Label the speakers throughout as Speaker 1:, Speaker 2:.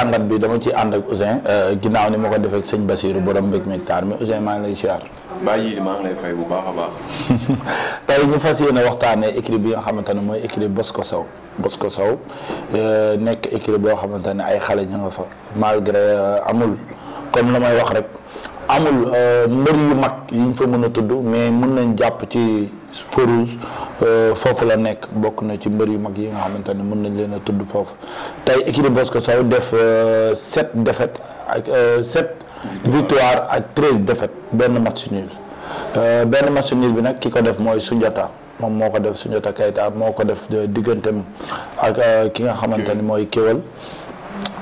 Speaker 1: jàngat bi dama ci ànd ak Ouzin euh, ginnaaw ni moo ko defee ak sëñ Basiirou borom mbég mectar mi Ouzin maa ngi lay siyaar. bàyyi yi maa ngi lay fay bu baax a baax. tey ñu fas yéene waxtaanee écurie bi nga xamante ne bos ko saw bos ko Sow euh, nekk écurie boo xamante ne ay xale ña nga fa malgré euh, amul comme la may wax rek amul mbër yu mag yi ñu fa mën a tudd mais mun nañ jàpp ci Feu Euh, foofu la nekk bokk na ci mbër yu mag yi nga xamante ne mën nañ leen a tudd foofu tey équipe de Bosco Sow def euh, sept défaites ak euh, sept victoire ak treize défaites benn match nul benn match nul bi nag ki ko def mooy Sunjata moom moo ko def Sunjata Kayta moo ko def digganteem ak ki nga xamante ni mooy Kéwal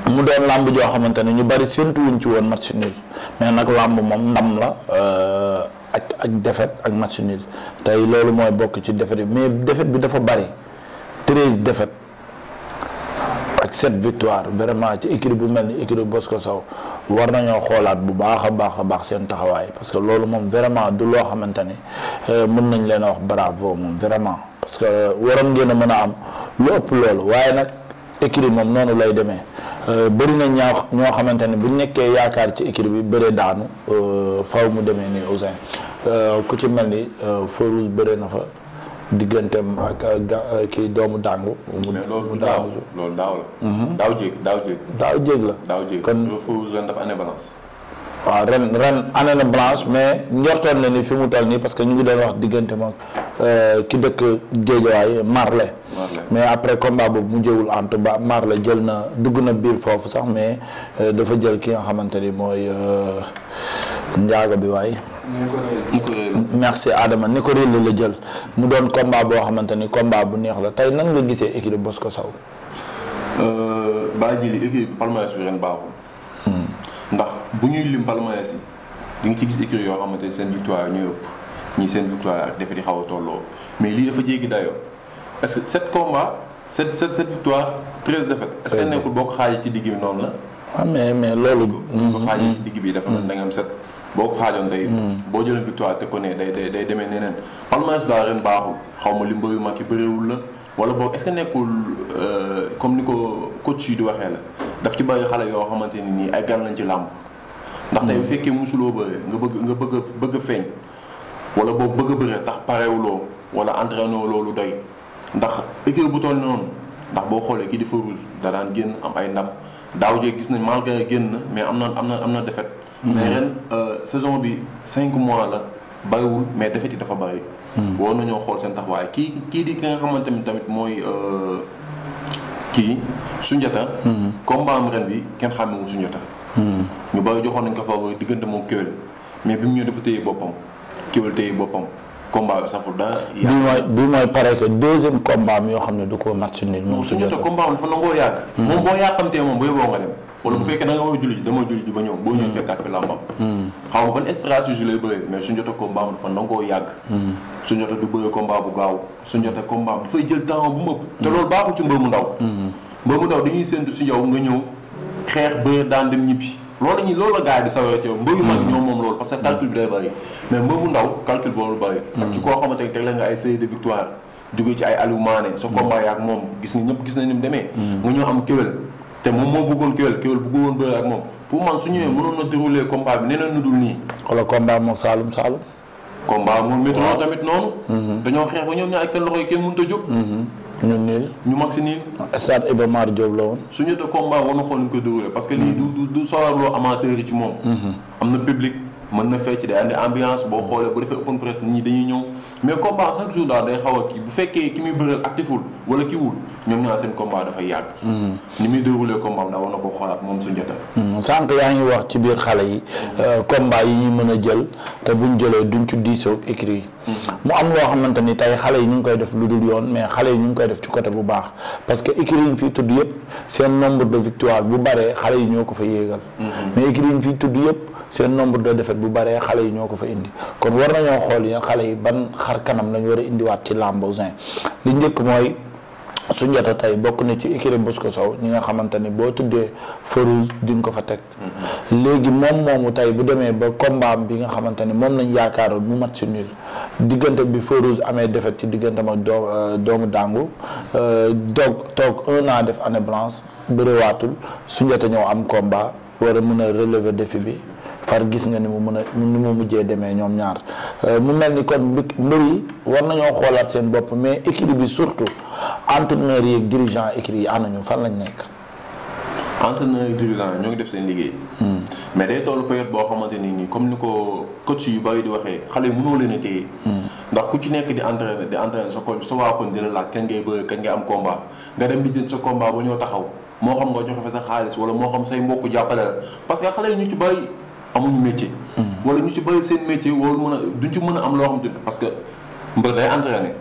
Speaker 1: mu doon làmb joo xamante ne ñu bari séntu wuñ ci woon match nul mais nag làmb moom ndam la. ak ak defet ak machine nul tey loolu mooy bokk ci défaite bi mais défaite bi dafa bari treize defet ak sept victoire vraiment ci équipe bu mel ni équipe ko Sow war nañoo xoolaat bu baax a baax a baax seen taxawaay parce que loolu moom vraiment du loo xamante ni euh, mën nañ leen a wax bravo moom vraiment parce que euh, waroon ngeen a mën a am lu ëpp loolu waaye nag équipe moom noonu lay demee. Euh, bëri na ñaa ñoo xamante ne bu ñu nekkee yaakaar ci équipe bi bëree daanu euh, faw mu demee nii Ousin euh, ku ci mel ni Fourouz bëre na fa
Speaker 2: digganteem ak kii doomu dàngu. mu ne daaw loolu daaw la. Mhm. daaw jéeg daaw jéeg. daaw jéeg la. daaw jéeg kon Fourouz dafa année balance. waaw
Speaker 1: ren ren année la blanche mais njortoon na ni fi mu toll nii parce que ñu ngi doon wax diggante ma euh, ki dëkk Géejawaay Marle mais après combat bu mu jëwul antu ba Marle jël na dugg na biir foofu sax mais euh, dafa jël ki nga xamante ni mooy euh, njaaga bi waay merci Adama ni ko réel la jël mu doon combat boo xamante ni combat bu neex la tey nan nga gisee équipe bos Sow
Speaker 2: baa jili équipe bu ñuy lim palmarès yi di nga ci gis écurie yoo xamante ne seen victoire ñuy ëpp ñii seen victoire ak défaite di xaw a tolloo mais lii dafa jéggi dayoo est-ce que sept combats sept sept sept victoire treize défaites. est-ce que nekkul boo ko ci digg bi noonu ah, mais mais loolu. Mm-hmm. bi dafa mel da nga am boo ko xaajoon tey. Mm. boo jëlee victoire te ko ne day day day demee neneen palmarès daal ren baaxul xaw ma li mbër yu mag yi bëriwul la wala boo est-ce que nekkul euh, comme ni ko coach yi di waxee la daf ci bàyyi xale yoo xamante ne nii ay gan lañ ci làmb. ndax tey bu fekkee musuloo bëre nga bëgg nga bëgg bëgg feeñ wala boo bëgg a bëre tax parewuloo wala entraîné loolu doy ndax équipe bu toll noonu ndax boo xoolee kii di Farouz da daan génn am ay ndam daaw jee gis nañ malgré génn na mais am na am na am na défaite mm-hmm. mais ren euh, saison bi 5 mois la bariwul mais défaite yi dafa bari mm-hmm. war nañoo xool seen waaye kii kii di ki nga xamante ni tamit mooy euh, kii Sunjata mm-hmm. combat am ren bi kenn xàmmewu Sunjata Hmm. ñu bàyyi joxoon nañ ko fa diggante moom kéwél mais bi mu ñëw dafa téye boppam kéwél téye boppam combat bi saful dara.
Speaker 1: bii yoo xam ne du ko match nul. moom su jotee
Speaker 2: combat am dafa nangoo yàgg. Hmm. moom boo yàqamtee moom booy boo nga dem. wala bu hmm. a julli ji dama julli ji ba ñëw boo ñëw fekkaat fi su jotee yàgg. su jotee du bëree combat bu gaaw su jotee combat am dafay jël temps bu mu te loolu baaxul ci mbër mu ndaw. mbër mu ndaw dañuy séntu si yow nga ñëw xeex ba daan dem ñibbi loolu la ñuy loolu la gars yi di sawee ci yow mag hmm. ñoom moom loolu parce calcul bi day bëri mais mbër bu ndaw calcul boobu bëri hmm. ak ci koo xamante ne teg la nga ay série de victoire jóge ci ay Aliou sa hmm. combat yaak moom gis nga ñëpp gis nañ ni mu ñëw am kéwél te moom moo bëggoon kéwél kéwél bëggu woon bëri ak moom pour man su ñëwee mënoon na dérouler combat bi neneen nu dul nii wala combat moom Saalum Saalum combat moom météo tamit noonu dañoo xeex ba ñoom ñaar ñu niil ñu mag si niil. stade Iba Mar Diop la woon. suñu de combat war na xool ko déroulé parce que lii du du du soxla amateur yi ci moom. Mhm. am na public mën na fecc day andi ambiance boo xoolee bu defee open press nit dañuy ñëw mais combat chaque jour daal day xaw kii bu fekkee ki muy bëreel actiful wala ki wul ñoom ñaar seen combat dafay yàgg. Mhm. ni muy déroulé combat daal war na ko xoolaat moom suñu jota. Mhm. sànq yaa ngi wax ci biir xale yi. Euh,
Speaker 1: combat yi ñuy mën a jël te buñ jëlee duñ ci diisoo écrit yi. mu am loo xamante ni tey xale yi ñu ngi koy def lu dul yoon mais xale yi ñu ngi koy def ci côté bu baax parce que écurie yi ñu fiy tudd yëpp seen nombre de victoire bu baree xale yi ñoo ko fa yéegal mm-hmm. mais écurie fi ñu tudd yëpp seen nombre de défaite bu baree xale yi ñoo ko fa indi kon war nañoo xool yéen xale yi ban xar kanam lañu war a indiwaat ci làmb li njëkk mooy Soundiata tey bokk na ci écurie ko Sow ñi nga xamante ni boo tuddee Farouz di nga ko fa teg. Mm-hmm. léegi moom moomu tey bu demee ba combat bi nga xamante ni moom lañ yaakaaroon mu mat si nul diggante bi Farouz amee defet ci diggante ma euh, doomu dàngu euh, doog toog un an def année blanche bëriwaatul Soundiata ñëw am combat war a mën a relever defi bi far gis nga ni mu mën a ni mu mujjee demee ñoom ñaar euh, mu mel ni kon mbir war nañoo xoolaat seen bopp mais écurie bi surtout. entraîneurs yi ak dirigeants écrits yi ànd ñu fan lañ nekk.
Speaker 2: entraîneurs yi dirigeants yi ñoo ngi def seen liggéey.
Speaker 3: Hmm. mais
Speaker 2: day toll période boo xamante ni nii comme ni ko coach yu bari di waxee xale yi mënoo leen a hmm. ndax ku ci nekk di entraîné di entraîné sa koñ sa waa koñ dina laaj kañ ngay bëre kañ ngay am combat nga dem di jënd sa combat ba ñoo taxaw moo xam nga joxe fa sa xaalis wala moo xam say mbokk jàppale la parce xale yi ñu ci bari amuñu métier. Hmm. wala ñu ci bari seen métier wala mën a duñ ci mën a am loo xam parce que mbër day entraîné.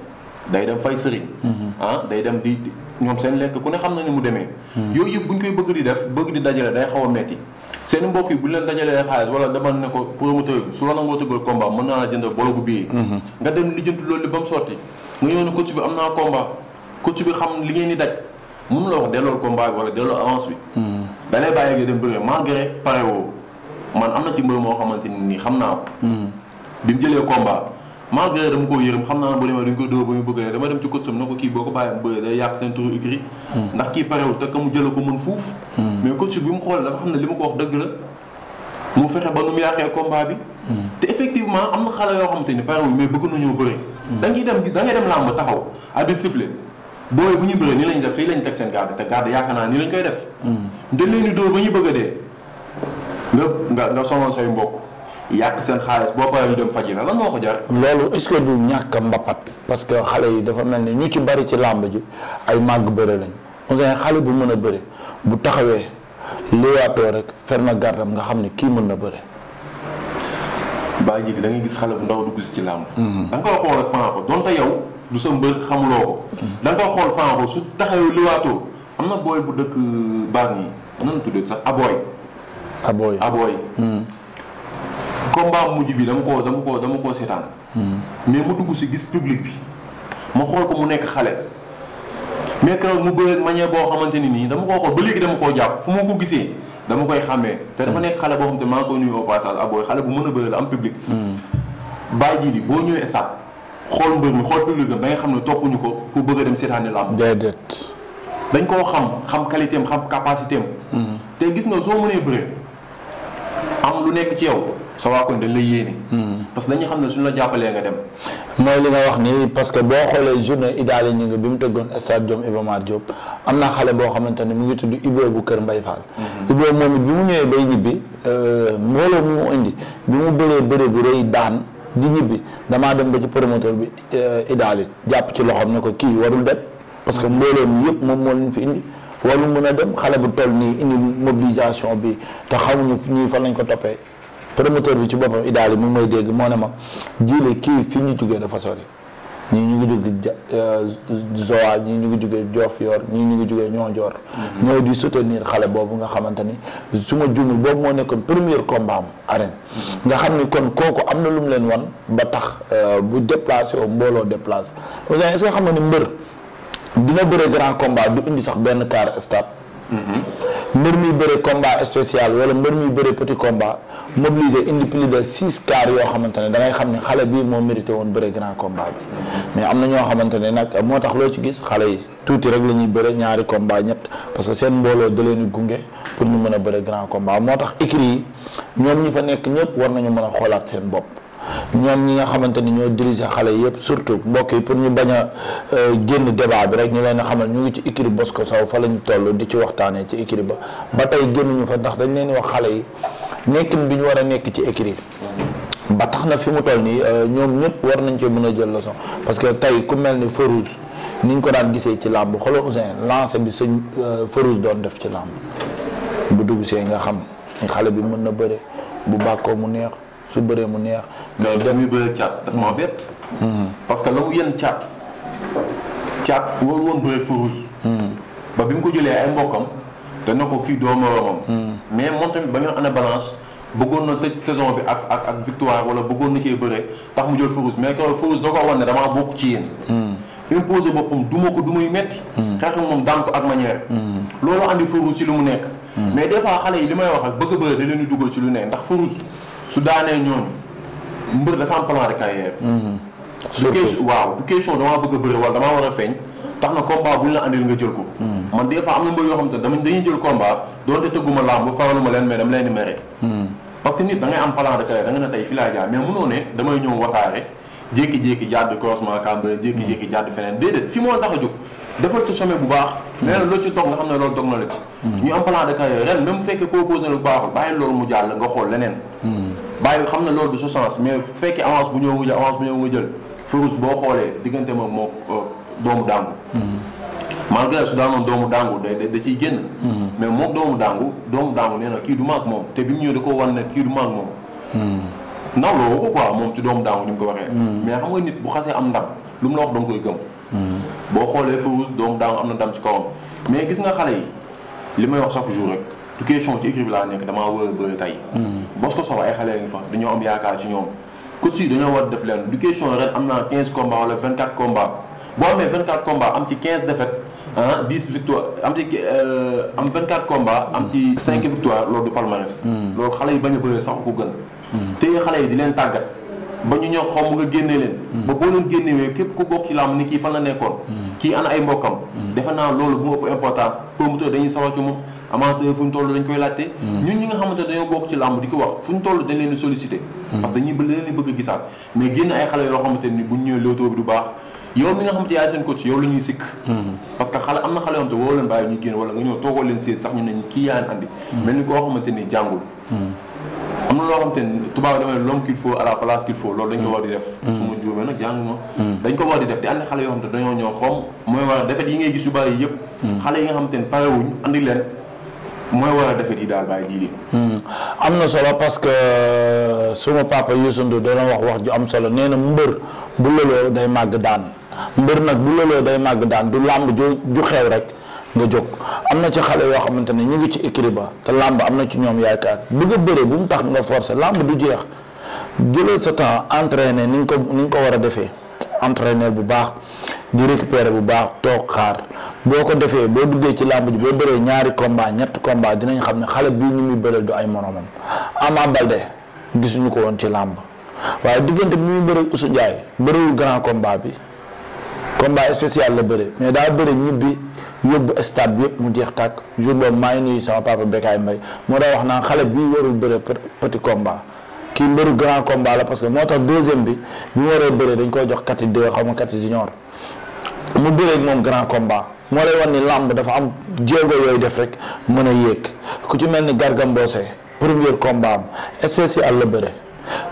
Speaker 2: day dem fay sëriñ. Mm-hmm. ah day dem di ñoom seen lekk ku ne xam na ni mu demee. Mm-hmm. yooyu bu ñu koy bëgg di def bëgg di dajale day xaw a metti seen mbokk bu leen dajalee xaalis wala dama ne ko promoteur bi su la nangoo tëggal combat mën naa la jëndal bologu bii. Mm-hmm. nga dem lijjanti loolu ba mu sotti nga ñëw ne coach bi am naa combat coach bi xam li ngeen di daj mënu la wax dellool combat bi wala delloo avance bi. da lay bàyyi nga dem bëre malgré pare woo man am na ci mbir moo xamante ni xam naa ko. bi mu jëlee combat. malgré dama koo yërëm xam mu na ko kii boo ko bàyyee bëri day yàq seen turu écrit hmm. ndax kii parewul te mu jëla ko mën fuuf hmm. mais coach bi mu xoolee dafa xam ne li ma ko wax dëgg la mu fexe ba nu mu yàqee combat bi hmm. te effectivement am na xale yoo xamante ni parewul mais bëgg nañoo bëri da ngay dem da ngay dem làmb taxaw abi sifflé booy bu ñu bëree nii la ñu def fii la teg seen garde te garde yaakaar naa nii la koy def dañ leen di dóor ba ñu bëgg a dee nga nga nga sonal say mbokk yàq seen xaalis boo paree ñu dem faj na la moo ko jar.
Speaker 1: loolu est-ce que du ñàkk a mbapat parce que xale yi dafa mel ni ñu ci bari ci làmb ji ay màgg bëre lañ on xale bu mën a bëre
Speaker 2: bu taxawee léewaatoo rek fer na gardam nga xam ne kii mën na bëre. baa ngi da gis xale bu ndaw du gis ci làmb. Mhm. da nga xool ak Franco donte yow du sa mbër xamuloo ko. Mhm. da nga ko xool Franco su taxawee léewaatoo am na booy bu dëkk baa ngi nan tuddee sax abooy. combat mujj bi dama ko dama koo dama koo seetaan. mais mu dugg si gis public bi ma xool ko mu nekk xale. mais keroog mu bëreeg manière boo xamante ni nii dama koo xool ba léegi dama koo jàpp fu ma ko gisee dama koy xàmmee. te dafa nekk xale boo xam te maa ngi koy nuyu au passage abooy ah xale bu mën a bëre la am public. Hmm. bàyyi ji boo ñëwee stade xool mbër mi xool public ba nga xam ne toppuñu ko pour bëgg a dem seetaani làmb. det dañ koo xam xam qualité am xam capacité hmm. te gis nga soo mënee bëre lu nekk ci yow. soo waa koñ dañ lay yéene. Hmm. parce que dañuy xam ne suñu la jàppalee nga dem. mooy li nga wax nii parce que
Speaker 1: boo xoolee journée idaale ñu nga bi mu tëggoon stade Diom Iba Mar Diop am na xale boo xamante ne mu ngi tudd Ibro bu Kër Mbay Fall. Hmm. Ibro moom it bi mu ñëwee bay ñibbi euh, mbooloo mi mu indi bi mu bëree bëri bu rëy daan di ñibbi damaa dem ba ci promoteur bi euh, idaale jàpp ci loxoom ne ko kii warul dem parce que hmm. mbooloo mi yëpp moom moo leen fi indi. xale bu toll nii indi bi te xamuñu ñii fan lañ ko toppee. promoteur bi ci boppam idaal yi mu may dégg moo ne ma jile kii fi ñu jugee dafa sori ñii ñu ngi jóge euh, Zowa ñu ñu ngi jóge Diofior ñii ñu ngi jóge Niodior mm-hmm. ñoo di soutenir xale boobu nga xamante ni su ma jumul boobu moo nekkoon première combat am arène mm-hmm. nga xam ni kon kooku am na lu mu leen wan ba tax euh, bu déplacé o mbooloo déplace Ouzin est-ce que xam nga ni mbër dina bëre grand combat du indi sax benn car stade mbër muy bëre combat spécial wala mbër muy bëre petit combat mobiliser indi plus de six quarts yoo xamante ne da ngay xam ne xale bii moo mérité woon bëre grand combat bi mais am na ñoo xamante ne nag moo tax loo ci gis xale yi tuuti rek la ñuy bëre ñaari combat ñett parce que seen mbooloo da leen di gunge pour ñu mën a bëre grand combat moo tax écrit yi ñoom ñi fa nekk ñëpp war nañu mën a xoolaat seen bopp ñoom ñi nga xamante ni ñoo diriger xale yëpp surtout mbokk yi pour ñu bañ a euh, génn débat bi rek ñu leen a xamal ñu ngi ci écurie ko Sow fa lañ toll di ci waxtaanee ci écurie ba ba tey génnuñu fa ndax dañ leen wax xale yi nekkin bi ñu war a nekk ci écurie ba tax na fi mu toll nii euh, ñoom ñëpp war nañ cee mën a jël leçon parce que tey ku mel ni Farouz ni ñu ko daan gisee ci làmb xoolal Ousseyn lancé bi sëñ euh, Farouz doon def ci làmb bu dugg see nga xam xale bi mën na bëre bu bàkkoo mu neex.
Speaker 2: su bëree mu neex. mais dañuy bëre caat daf maa hmm. parce que la mu caat caat waru woon bëre hmm. bi mu ko jëlee ay mbokkam te na ko kii doomu romam. Hmm. mais ba ñu ana bëggoon na tëj saison bi ak ak ak victoire wala bëggoon na cee bëre tax mu jël mais que Farouz da ne damaa bokk ci yéen. imposé boppam duma ko du muy metti. xeex moom daan ko ak manière. loolu andi Farouz ci lu mu nekk. mais des fois xale yi li may wax ak bëgg bëre da leen di dugal ci lu ne ndax Farouz. su daanee ñooñu mbër dafa am plan de carrière.
Speaker 3: Mhm. surtout du question
Speaker 2: waaw du question damaa bëgg a bëri wala damaa war a feeñ. tax na combat bu ñu la ko. Mhm. man des fois na mbër yoo xam te dama dañuy jël combat doonte tëgguma làmb faraluma leen mais dama leen di mere. Mhm. parce que nit da ngay am plan de carrière da nga ne tey fii laa jaar mais mënoo ne jékki-jékki jàdd croisement cambre jékki-jékki jàdd feneen déedéet fi moo tax a jóg. defal sa bu baax. na loo ci toog nga xam loolu toog na la ci. ñu am plan de lu baaxul bàyyi loolu mu jàll nga xool leneen. bàyyi xam na loolu du sa sens mais bu fekkee avance bu ñëw nga jël avance bu ñëw nga jël Fourouz boo xoolee diggante moom mm-hmm. moom doomu dàngu. malgré su daanoon doomu dàngu da da ciy génn. Mm-hmm. mais moom doomu dàngu doomu dàngu nee na kii du maag moom te bi mu ñëw da koo ne kii du maag moom.
Speaker 3: Mm-hmm.
Speaker 2: ndaw loo ko quoi moom ci doomu dàngu ni mu ko waxee. mais xam nga nit bu xasee am ndam lu mu la wax da koy gëm. boo xoolee Fourouz doomu dàngu am na ndam ci kawam mais gis nga xale yi li may wax chaque jour rek. du question ci équipe bi laa nekk damaa war a bëri tey. Hmm. Bosco Sow ay xale ngi fa dañoo am yaakaar ci ñoom. coach yi dañoo war a def leen du question ren am naa 15 combats wala 24 combats boo amee 24 combats am ci 15 défaites ah victoire am ci euh, am 24 combats am ci 5 hmm. victoire loolu du palmarès. Hmm. loolu xale yi bañ a bëri sax ko gën. téye xale yi di leen tàggat ba ñu ñëw xaw nga génne leen. ba boo leen génnewee képp ku bokk ci làmb ni kii fan la nekkoon. kii ana ay mbokkam. defe naa loolu bu ëpp importance promoteur dañuy sawar amateur fu ñu toll dañ koy laajte hmm. ñun ñi nga xamante dañoo bokk ci làmb di ko wax fu ñu toll dañ leen di hmm. parce que dañuy leen bëgg gisaat mais génn ay xale yoo xamante ni buñ ñëwee lootoo bi du baax yow mi nga xamante yaay seen coach yow la ñuy sikk hmm. parce que xale am na xale yoo xamante woo leen ñëw koo xamante ni jàngul
Speaker 3: na
Speaker 2: loo xamante ni tubaab dama ne l'homme qu'il faut à la loolu dañ ko war di def su ma ko war di def di andi xale yoo xamante dañoo ñëw xoom mooy war defet yi ngay gis yu bàyyi
Speaker 3: yëpp xale
Speaker 2: yi nga xamante ni parewuñ andi leen mooy war a defet yi daal bàyyi jiili. Hmm. am na solo parce que euh,
Speaker 1: suma papa yu Ndour doon wax wax ju am solo nee na mbër bu lëloo day màgg daan mbër nag bu lëloo day màgg daan du làmb ju ju xew rek nga jóg am na ci xale yoo xamante ni ñu ngi ci écurie ba te làmb am na ci ñoom yaakaar bëgg a bëre bu mu tax nga forcer làmb du jeex jëlal sa temps entraîner ni nga ko ni nga ko war a defee entraîner bu baax. di récupérer bu baax toog xaar boo ko defee boo duggee ci làmb ji boo bëree ñaari combat ñetti combat dinañ xam ne xale bii ñu muy bëreel du ay moromam Ama de gisuñu ko woon ci làmb waaye diggante bi muy bëre Ousseynou Ndiaye bëriwul grand combat bi combat spécial la bëre mais daa bëre ñibbi yóbbu stade bi mu jeex tàkk jour boobu maa ngi nuyu sama papa Bekaay Mbaye moo wax naa xale bii warul bëre petit combat kii mbëru grand combat la parce que moo tax deuxième bi bi mu waree bëre dañ koy jox kati deux xaw ma kati junior mu bëreeg moom grand combat moo lay wan ni làmb dafa am jéego yooyu def rek mën a yéeg ku ci mel ni Garga première premier combat am spécial la bëre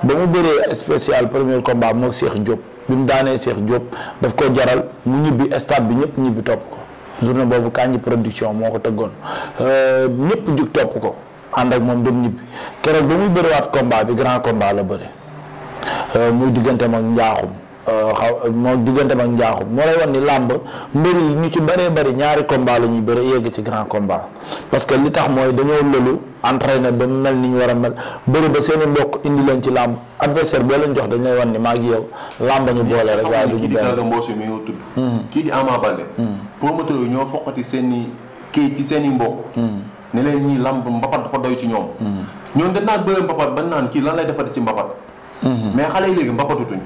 Speaker 1: ba mu bëree spécial première combat am moog Cheikh Diop bi mu daanee Cheikh Diop daf ko jaral mu ñibbi stade bi ñëpp ñibbi topp ko journée boobu Kandji production moo ko tëggoon euh, ñëpp jug topp ko ànd ak moom dem ñibbi keroog ba muy bëriwaat combat bi grand combat la bëre euh, muy digganteem ak njaaxum. Euh, xaw moo diggante mag njaaxum moo lay wan ni làmb mbër yi ñu ci bëree bëri ñaari combat la ñuy bëri yegg ci grand combat parce que li tax mooy dañoo lëlu entraîné ba mel ni ñu war a mel bëri ba seen i
Speaker 2: ci làmb adversaire boo leen jox dañ lay wan ni maa ngi yow làmb ñu boole rek kii hmm. hmm. promoteur yi ñoo foqati seen i ci seen i mbokk hmm. ne leen ñii làmb mbapat dafa doy ci ñoom ñoo dañ naan bëre mbapat ba naan kii lan lay defati ci mbapat mais xale yi léegi mbapatutuñ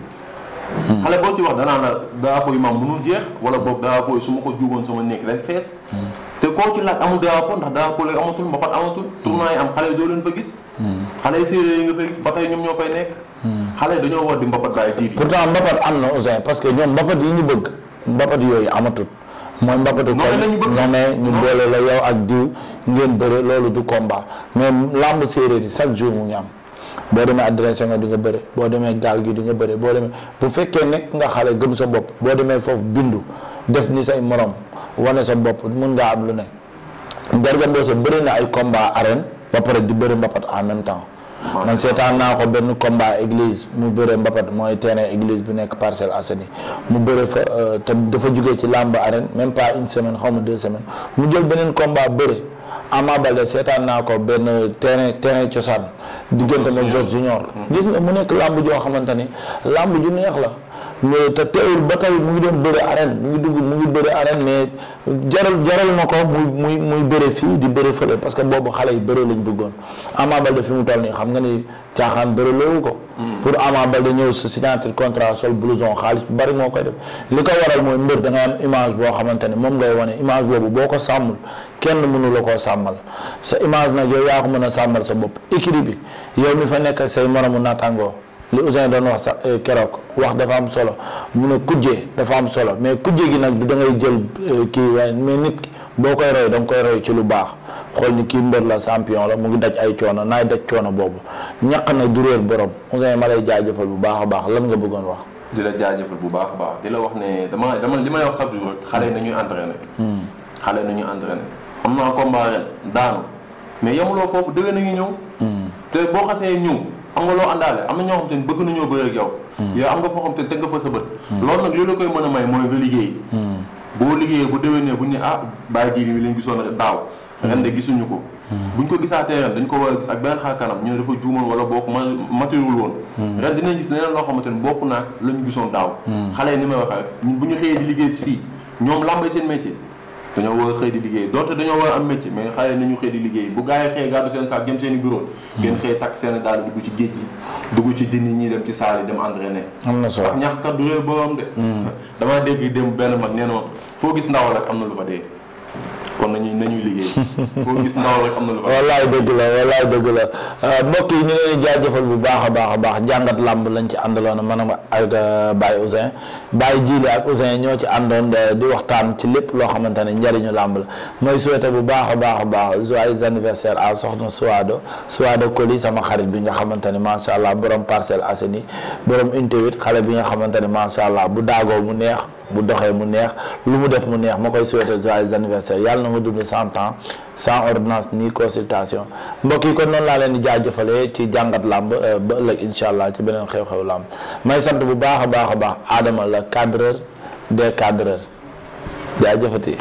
Speaker 2: Hmm. xale boo ci wax danaa la drapeau yi maam mënul jeex wala boog drapeau yi su ma ko juugoon sama nekk day fees hmm. te koo ci laaj amul drapeau ndax drapeau léegi amatul mbapat amatul hmm. tournoi yi am xale yi doo leen fa gis xale yi séeréer yi nga fay gis ba tey ñoom ñoo fay nekk xale yi dañoo war di mbapat daay jiibi pourtant mbapat
Speaker 1: am na Ouzin parce que ñoom mbapat yi ñu bëgg mbapat yooyu amatul mooy mbapatu ko nga ne ñu boole la yow ak diw ngeen bëre loolu du combat mais làmb séeréer yi chaque jour mu ñu boo demee Adrien Senghor di nga bëre boo demee gaal gi di nga bëre boo demee bu fekkee nekk nga xale gëm sa bopp boo demee foofu bindu def ni say morom wane sa bopp mun ngaa am lu ne Garga Mbossé bëri na ay combat arène ba pare di bëri mbapat en même temps man seetaan naa ko benn combat église mu bëre mbapat mooy terrain eglise bu nekk Parcelles Assainies mu bëre fa euh, te dafa jugee ci làmb arène même pas une semaine xaw ma deux semaines mu jël beneen Ama Baldé seetaan naa ko benn terrain terrain cosaan diggante moom Jos Junior gis nga mu nekk làmb joo xamante ni làmb ju neex la loolu te teewul ba tey mu ngi doon bëre arène mu ngi dugg mu ngi bëre arène mais jaral jaral na ko muy muy muy bëre fii di bëre fële parce que boobu xale yi bëre lañ bëggoon Ama Baldé fi mu toll nii xam nga ni caaxaan bëre loowu ko.
Speaker 3: Hmm. pour Ama
Speaker 1: Baldé ñëw sa signature contrat sol blouson xaalis bu bari moo koy def li ko waral mooy mbër da nga am image boo xamante ne moom ngay wane image boobu boo ko sàmmul kenn mënu la koo sàmmal sa image nag yow yaa ko mën a sàmmal sa bopp écrit bi yow mi fa nekk ak say moromu naataangoo. li Ousin doon wax sax eh, keroog wax dafa am solo mun a kujje dafa am solo mais kujje gi nag du da ngay jël eh, kii waaye mais nit ki boo koy roy da koy roy ci lu baax xool ni kii mbër la champion la mu ngi daj ay coono naay daj coono boobu ñaq na du réer borom Ousin ma lay jaajëfal bu baax a baax lan nga bëggoon wax.
Speaker 2: di la jaajëfal bu baax baax di la wax ne dama dama li may wax chaque jour rek xale yi nañuy entraîné. Hmm. xale nañuy entraîné am naa combat ren daanu mais yamuloo foofu déwén nañu ñëw. Hmm. te boo xasee ñëw. am nga loo àndaale am na ñoo xam te ne bëgg nañoo bëre ak yow hmm. yow am nga foo xam te ne teg nga fa sa bët hmm. loolu nag li la koy mën a may mooy nga liggéey hmm. boo liggéeyee bu déwénee bu ñu ne ah bàyyi jiir mi lañ gisoon daaw ren de ko buñ ko gisaatee dañ ko war a gis ak beneen xaar kanam ñoo dafa juumoon wala bokk ma matéwul woon ren dinañ gis leneen loo xamante ne bokk naa la ñu gisoon daaw xale yi ni may waxee bu ñu xëyee di liggéey si fii ñoom làmbay seen métier dañoo war a xëy di liggéey doote dañoo war a am métier mais xale nañu xëy di liggéey bu gars yi xëy gàddu seen saak jëm seen i bureau hmm. ngeen xëy takk seen daal dugg ci géej gi dugg ci dini ñi dem ci saal yi dem entraîner am na solo ndax ñax kat du réew boroom de hmm. dama dégg dem benn mag nee na foo gis ndawal rek am na lu fa dee kon nañuy nañuy liggéey. foo gis ndaw rek wallaay dëgg la wallaay dëgg la euh, mbokk ñu leen di jaajëfal bu baax a baax
Speaker 1: a baax jàngat làmb lañ ci àndaloon maanaam ak Baye osin Baye Jili ak Ousin ñoo ci àndoon euh, di waxtaan ci lépp loo xamante ne njariñu làmb la mooy souhaité bu baax a baax a baax joyeux anniversaire à soxna Suwaado Suwaado Koli sama xarit bi nga xamante ne macha allah borom Parcelles Assainies borom unité xale bi nga xamante ne macha allah bu daagoo bu neex. bu doxee mu neex lu mu def mu neex ma koy souhaité joyeux anniversaire yàlla na ma dund cent ans sans ordonnance ni consultation mbokk yi kon noonu laa leen di jaajëfalee ci jàngat làmb euh, ba ëllëg incha allah ci beneen xew-xew làmb may sant bu baax a baax a baax Adama la cadreur des cadreurs jaajëfati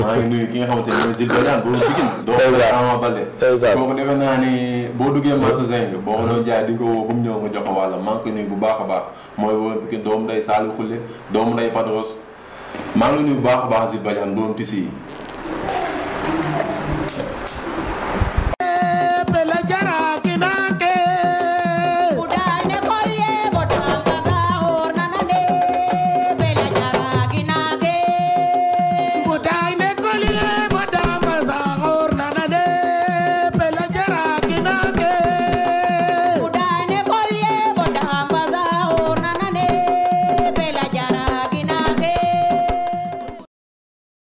Speaker 2: maa ngi nuyu ki nga xamante ne mooy Zil Badiane boobu Pikine. exactement doo Ama Baldé. exactement kooku defe naa ni boo duggee marché zinc boo ko doon jaay di ko woo ñëw nga jox ko wàllam maa ngi nuyu bu baax a baax mooy woon Pikine doomu nday Saliou Khoule doomu nday Padros maa ngi nuyu bu baax a baax Zil Badiane doom tisi yi